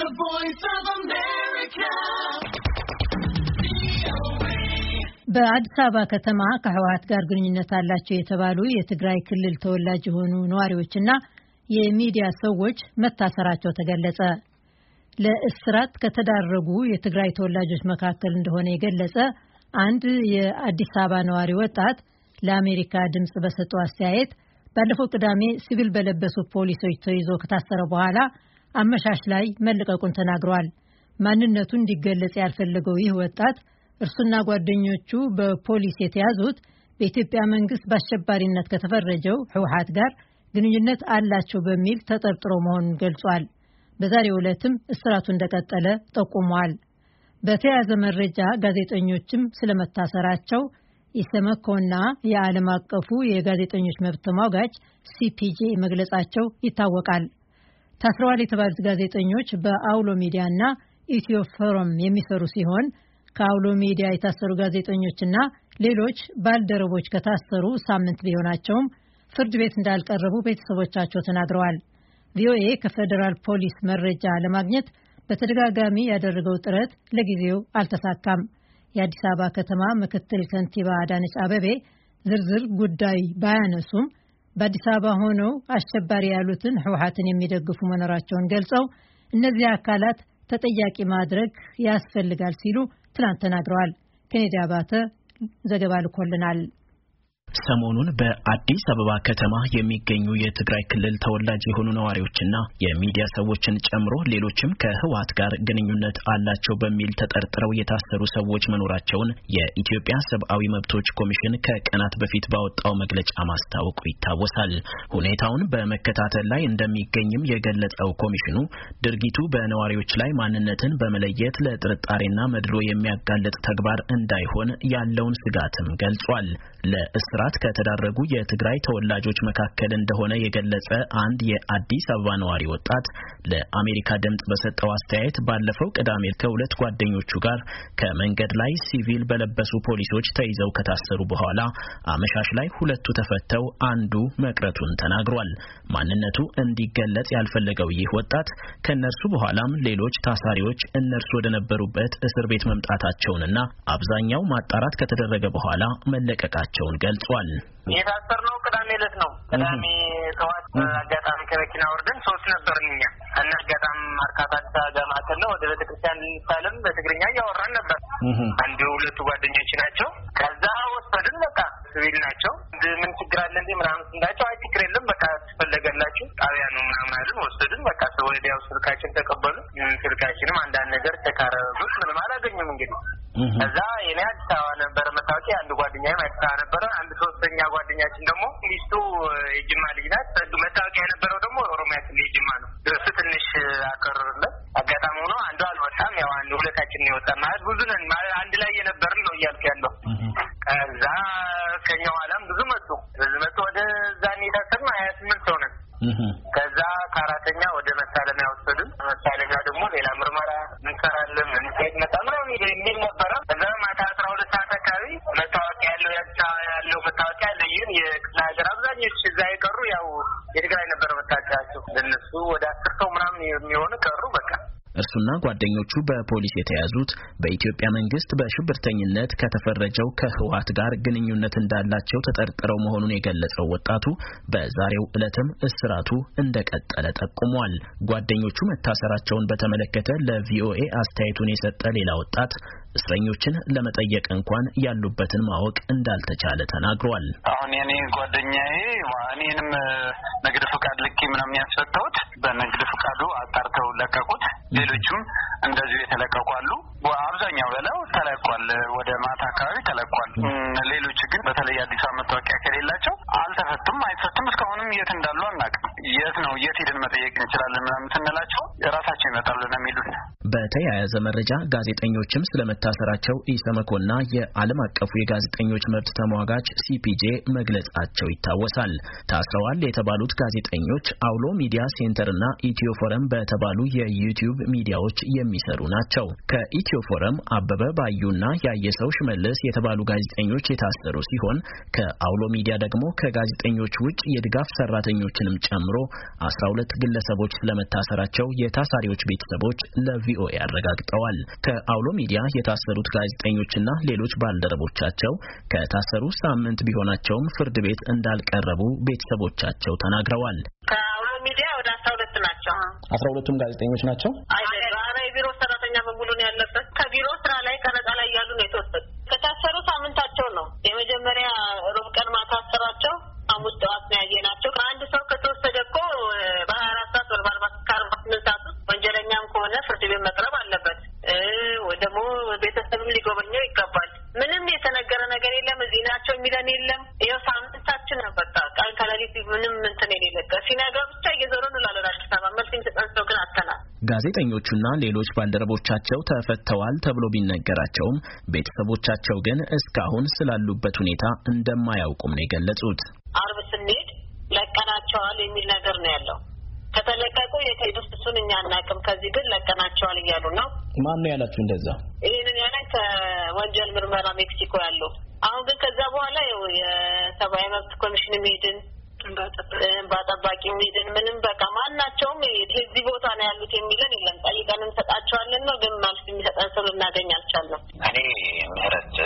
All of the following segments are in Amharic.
The Voice of America. በአዲስ አበባ ከተማ ከህወሀት ጋር ግንኙነት አላቸው የተባሉ የትግራይ ክልል ተወላጅ የሆኑ ነዋሪዎችና የሚዲያ ሰዎች መታሰራቸው ተገለጸ። ለእስራት ከተዳረጉ የትግራይ ተወላጆች መካከል እንደሆነ የገለጸ አንድ የአዲስ አበባ ነዋሪ ወጣት ለአሜሪካ ድምፅ በሰጠው አስተያየት ባለፈው ቅዳሜ ሲቪል በለበሱ ፖሊሶች ተይዞ ከታሰረ በኋላ አመሻሽ ላይ መለቀቁን ተናግረዋል። ማንነቱ እንዲገለጽ ያልፈለገው ይህ ወጣት እርሱና ጓደኞቹ በፖሊስ የተያዙት በኢትዮጵያ መንግስት በአሸባሪነት ከተፈረጀው ህወሓት ጋር ግንኙነት አላቸው በሚል ተጠርጥሮ መሆኑን ገልጿል። በዛሬ ዕለትም እስራቱ እንደቀጠለ ጠቁሟል። በተያያዘ መረጃ ጋዜጠኞችም ስለመታሰራቸው ኢሰመኮና የዓለም አቀፉ የጋዜጠኞች መብት ተሟጋች ሲፒጄ መግለጻቸው ይታወቃል። ታስረዋል የተባሉት ጋዜጠኞች በአውሎ ሚዲያ እና ኢትዮ ፎረም የሚሰሩ ሲሆን ከአውሎ ሚዲያ የታሰሩ ጋዜጠኞችና ሌሎች ባልደረቦች ከታሰሩ ሳምንት ቢሆናቸውም ፍርድ ቤት እንዳልቀረቡ ቤተሰቦቻቸው ተናግረዋል። ቪኦኤ ከፌዴራል ፖሊስ መረጃ ለማግኘት በተደጋጋሚ ያደረገው ጥረት ለጊዜው አልተሳካም። የአዲስ አበባ ከተማ ምክትል ከንቲባ አዳነች አበቤ ዝርዝር ጉዳይ ባያነሱም በአዲስ አበባ ሆነው አሸባሪ ያሉትን ህወሀትን የሚደግፉ መኖራቸውን ገልጸው እነዚህ አካላት ተጠያቂ ማድረግ ያስፈልጋል ሲሉ ትናንት ተናግረዋል። ኬኔዲ አባተ ዘገባ ልኮልናል። ሰሞኑን በአዲስ አበባ ከተማ የሚገኙ የትግራይ ክልል ተወላጅ የሆኑ ነዋሪዎችና የሚዲያ ሰዎችን ጨምሮ ሌሎችም ከህወሓት ጋር ግንኙነት አላቸው በሚል ተጠርጥረው የታሰሩ ሰዎች መኖራቸውን የኢትዮጵያ ሰብአዊ መብቶች ኮሚሽን ከቀናት በፊት ባወጣው መግለጫ ማስታወቁ ይታወሳል። ሁኔታውን በመከታተል ላይ እንደሚገኝም የገለጸው ኮሚሽኑ ድርጊቱ በነዋሪዎች ላይ ማንነትን በመለየት ለጥርጣሬና መድሎ የሚያጋለጥ ተግባር እንዳይሆን ያለውን ስጋትም ገልጿል። ለእስራት ከተዳረጉ የትግራይ ተወላጆች መካከል እንደሆነ የገለጸ አንድ የአዲስ አበባ ነዋሪ ወጣት ለአሜሪካ ድምጽ በሰጠው አስተያየት ባለፈው ቅዳሜ ከሁለት ጓደኞቹ ጋር ከመንገድ ላይ ሲቪል በለበሱ ፖሊሶች ተይዘው ከታሰሩ በኋላ አመሻሽ ላይ ሁለቱ ተፈተው አንዱ መቅረቱን ተናግሯል። ማንነቱ እንዲገለጽ ያልፈለገው ይህ ወጣት ከእነርሱ በኋላም ሌሎች ታሳሪዎች እነርሱ ወደነበሩበት እስር ቤት መምጣታቸውንና አብዛኛው ማጣራት ከተደረገ በኋላ መለቀቃቸው መሆናቸውን ገልጿል። የታሰርነው ቅዳሜ ዕለት ነው። ቅዳሜ ጠዋት አጋጣሚ ከመኪና ወርደን ሶስት ነበርን እኛ እና አጋጣሚ አርካታ አዲስ ነው ወደ ቤተክርስቲያን ልንሳለም በትግርኛ እያወራን ነበር። አንድ ሁለቱ ጓደኞች ናቸው። ከዛ ወሰድን። በቃ ሲቪል ናቸው። ምን ችግር አለ እንዴ ምናምን ስንላቸው አይ ችግር የለም በቃ ትፈለገላችሁ ጣቢያ ነው ምናምን አይደል ወሰድን። በቃ ወዲያው ስልካችን ተቀበሉ። ስልካችንም አንዳንድ ነገር ተካረቡት። ምንም አላገኙም እንግዲህ እዛ የኔ አዲስ አበባ የነበረ መታወቂያ አንድ ጓደኛዬም አዲስ ነበረ። አንድ ሶስተኛ ጓደኛችን ደግሞ ሚስቱ የጅማ ልጅ ናት። መታወቂያ የነበረው ደግሞ ኦሮሚያ ክልል የጅማ ነው። እሱ ትንሽ አቀረርለት። አጋጣሚ ሆኖ አንዱ አልወጣም። ያው አንድ ሁለታችን ነው የወጣ ማለት ብዙ ነን ማለት አንድ ላይ የነበርን ነው እያልኩ ያለው። ከዛ ከኛ ኋላም ብዙ መጡ። ብዙ መጡ። ወደ እዛ የታሰብነው ሀያ ስምንት ሰው ነን። ከዛ ከአራተኛ ወደ መሳለሚያ ለነሱ ወደ አስር ሰው ምናምን የሚሆን እርሱና ጓደኞቹ በፖሊስ የተያዙት በኢትዮጵያ መንግስት በሽብርተኝነት ከተፈረጀው ከህወሓት ጋር ግንኙነት እንዳላቸው ተጠርጥረው መሆኑን የገለጸው ወጣቱ በዛሬው ዕለትም እስራቱ እንደቀጠለ ጠቁሟል። ጓደኞቹ መታሰራቸውን በተመለከተ ለቪኦኤ አስተያየቱን የሰጠ ሌላ ወጣት እስረኞችን ለመጠየቅ እንኳን ያሉበትን ማወቅ እንዳልተቻለ ተናግሯል። አሁን የኔ ጓደኛዬ እኔንም ንግድ ፍቃድ ልኬ ምናምን ያስፈታሁት በንግድ ፍቃዱ አጣርተው ለቀቁት። ሌሎቹም እንደዚሁ የተለቀቁ አሉ። አብዛኛው ገላው ተለቋል፣ ወደ ማታ አካባቢ ተለቋል። ሌሎች ግን በተለይ አዲስ አበባ መታወቂያ ከሌላቸው አልተፈቱም፣ አይፈቱም። እስካሁንም የት እንዳሉ አናውቅም። የት ነው የት ሄደን መጠየቅ እንችላለን ምናምን ስንላቸው የራሳቸው ይመጣሉን የሚሉት በተያያዘ መረጃ ጋዜጠኞችም ስለመታሰራቸው ኢሰመኮና የዓለም አቀፉ የጋዜጠኞች መብት ተሟጋች ሲፒጄ መግለጻቸው ይታወሳል። ታስረዋል የተባሉት ጋዜጠኞች አውሎ ሚዲያ ሴንተርና ኢትዮ ፎረም በተባሉ የዩቲዩብ ሚዲያዎች የሚሰሩ ናቸው። ከኢትዮ ፎረም አበበ ባዩና ያየሰው ሽመልስ የተባሉ ጋዜጠኞች የታሰሩ ሲሆን ከአውሎ ሚዲያ ደግሞ ከጋዜጠኞች ውጭ የድጋፍ ሰራተኞችንም ጨምሮ አስራ ሁለት ግለሰቦች ስለመታሰራቸው የታሳሪዎች ቤተሰቦች ለቪ ለቪኦኤ አረጋግጠዋል። ከአውሎ ሚዲያ የታሰሩት ጋዜጠኞችና ሌሎች ባልደረቦቻቸው ከታሰሩ ሳምንት ቢሆናቸውም ፍርድ ቤት እንዳልቀረቡ ቤተሰቦቻቸው ተናግረዋል። ከአውሎ ሚዲያ ወደ አስራ ሁለት ናቸው። አስራ ሁለቱም ጋዜጠኞች ናቸው። የቢሮ ሰራተኛ በሙሉ ነው ያለበት። ከቢሮ ስራ ላይ ቀረጻ ላይ ያሉ ነው የተወሰዱ። ከታሰሩ ሳምንታቸው ነው። የመጀመሪያ ሮብ ቀን ማታሰራቸው ሐሙስ ጠዋት ነው ያየናቸው። ጋዜጠኞቹና ሌሎች ባልደረቦቻቸው ተፈተዋል ተብሎ ቢነገራቸውም ቤተሰቦቻቸው ግን እስካሁን ስላሉበት ሁኔታ እንደማያውቁም ነው የገለጹት። አርብ ስንሄድ ለቀናቸዋል የሚል ነገር ነው ያለው። ከተለቀቁ የቀዱስ እሱን እኛ አናውቅም። ከዚህ ግን ለቀናቸዋል እያሉ ነው። ማን ነው ያላችሁ እንደዛ? ይህንን ያለ ከወንጀል ምርመራ ሜክሲኮ ያለው። አሁን ግን ከዛ በኋላ የሰብአዊ መብት ኮሚሽን ሄድን በአጠባቂ ሚድን ምንም በቃ ማናቸውም እዚህ ቦታ ነው ያሉት የሚለን የለም። ጠይቀን እንሰጣቸዋለን ነው ግን መልስ የሚሰጠን ሰው ልናገኝ አልቻለም። እኔ ምህረት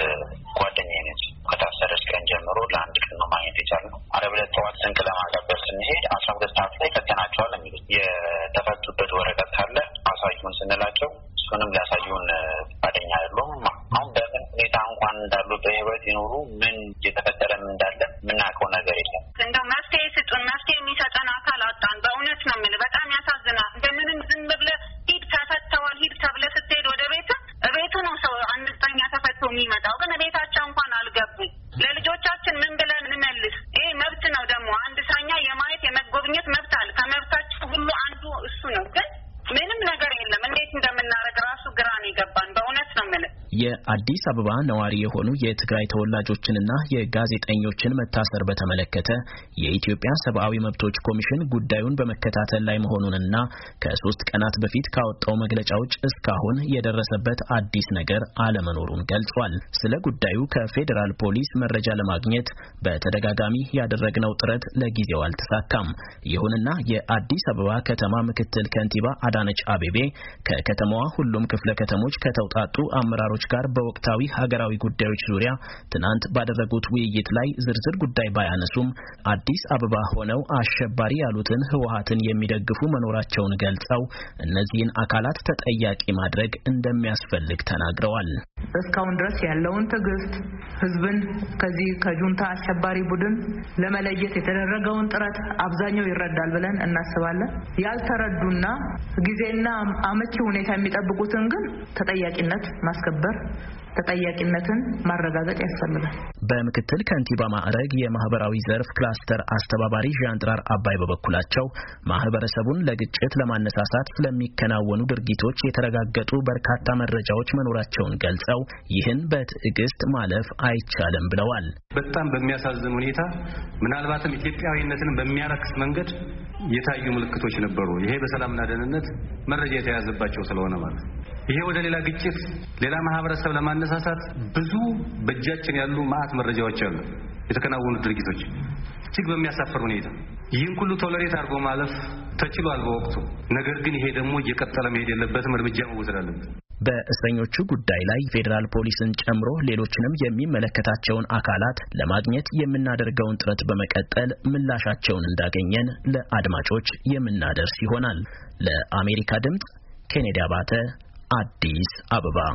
ጓደኛዬ ነች። ከታሰረች ቀን ጀምሮ ለአንድ ቀን ነው ማግኘት የቻልነው። ዓርብ ዕለት ጠዋት ስንቅ ለማቀበል ስንሄድ አስራ ሁለት ሰዓት ላይ ፈተናቸዋል የሚሉት የተፈቱበት ወረቀት ካለ አሳዩን ስንላቸው እሱንም ሊያሳዩን ፈቃደኛ አይደሉም። አሁን በምን ሁኔታ እንኳን እንዳሉ በህይወት ይኖሩ ምን እየተፈጠረም እንዳለ የምናውቀው ነገር የለም። የአዲስ አበባ ነዋሪ የሆኑ የትግራይ ተወላጆችንና የጋዜጠኞችን መታሰር በተመለከተ የኢትዮጵያ ሰብአዊ መብቶች ኮሚሽን ጉዳዩን በመከታተል ላይ መሆኑንና ከሶስት ቀናት በፊት ካወጣው መግለጫ ውጭ እስካሁን የደረሰበት አዲስ ነገር አለመኖሩን ገልጿል። ስለ ጉዳዩ ከፌዴራል ፖሊስ መረጃ ለማግኘት በተደጋጋሚ ያደረግነው ጥረት ለጊዜው አልተሳካም። ይሁንና የአዲስ አበባ ከተማ ምክትል ከንቲባ አዳነች አቤቤ ከከተማዋ ሁሉም ክፍለ ከተሞች ከተውጣጡ አመራሮች ጋር በወቅታዊ ሀገራዊ ጉዳዮች ዙሪያ ትናንት ባደረጉት ውይይት ላይ ዝርዝር ጉዳይ ባያነሱም አዲስ አበባ ሆነው አሸባሪ ያሉትን ህወሀትን የሚደግፉ መኖራቸውን ገልጸው እነዚህን አካላት ተጠያቂ ማድረግ እንደሚያስፈልግ ተናግረዋል። እስካሁን ድረስ ያለውን ትዕግስት ህዝብን ከዚህ ከጁንታ አሸባሪ ቡድን ለመለየት የተደረገውን ጥረት አብዛኛው ይረዳል ብለን እናስባለን። ያልተረዱና ጊዜና አመቺ ሁኔታ የሚጠብቁትን ግን ተጠያቂነት ማስከበር ተጠያቂነትን ማረጋገጥ ያስፈልጋል። በምክትል ከንቲባ ማዕረግ የማህበራዊ ዘርፍ ክላስተር አስተባባሪ ዣንጥራር አባይ በበኩላቸው ማህበረሰቡን ለግጭት ለማነሳሳት ስለሚከናወኑ ድርጊቶች የተረጋገጡ በርካታ መረጃዎች መኖራቸውን ገልጸው ይህን በትዕግስት ማለፍ አይቻልም ብለዋል። በጣም በሚያሳዝን ሁኔታ ምናልባትም ኢትዮጵያዊነትን በሚያረክስ መንገድ የታዩ ምልክቶች ነበሩ። ይሄ በሰላምና ደህንነት መረጃ የተያዘባቸው ስለሆነ ማለት ይሄ ወደ ሌላ ግጭት፣ ሌላ ማህበረሰብ ለማነሳሳት ብዙ በእጃችን ያሉ ማአት መረጃዎች አሉ። የተከናወኑ ድርጊቶች እጅግ በሚያሳፍር ሁኔታ ይህን ሁሉ ቶለሬት አድርጎ ማለፍ ተችሏል በወቅቱ። ነገር ግን ይሄ ደግሞ እየቀጠለ መሄድ የለበትም፣ እርምጃ መወሰድ አለበት። በእስረኞቹ ጉዳይ ላይ ፌዴራል ፖሊስን ጨምሮ ሌሎችንም የሚመለከታቸውን አካላት ለማግኘት የምናደርገውን ጥረት በመቀጠል ምላሻቸውን እንዳገኘን ለአድማጮች የምናደርስ ይሆናል። ለአሜሪካ ድምፅ ኬኔዲ አባተ አዲስ አበባ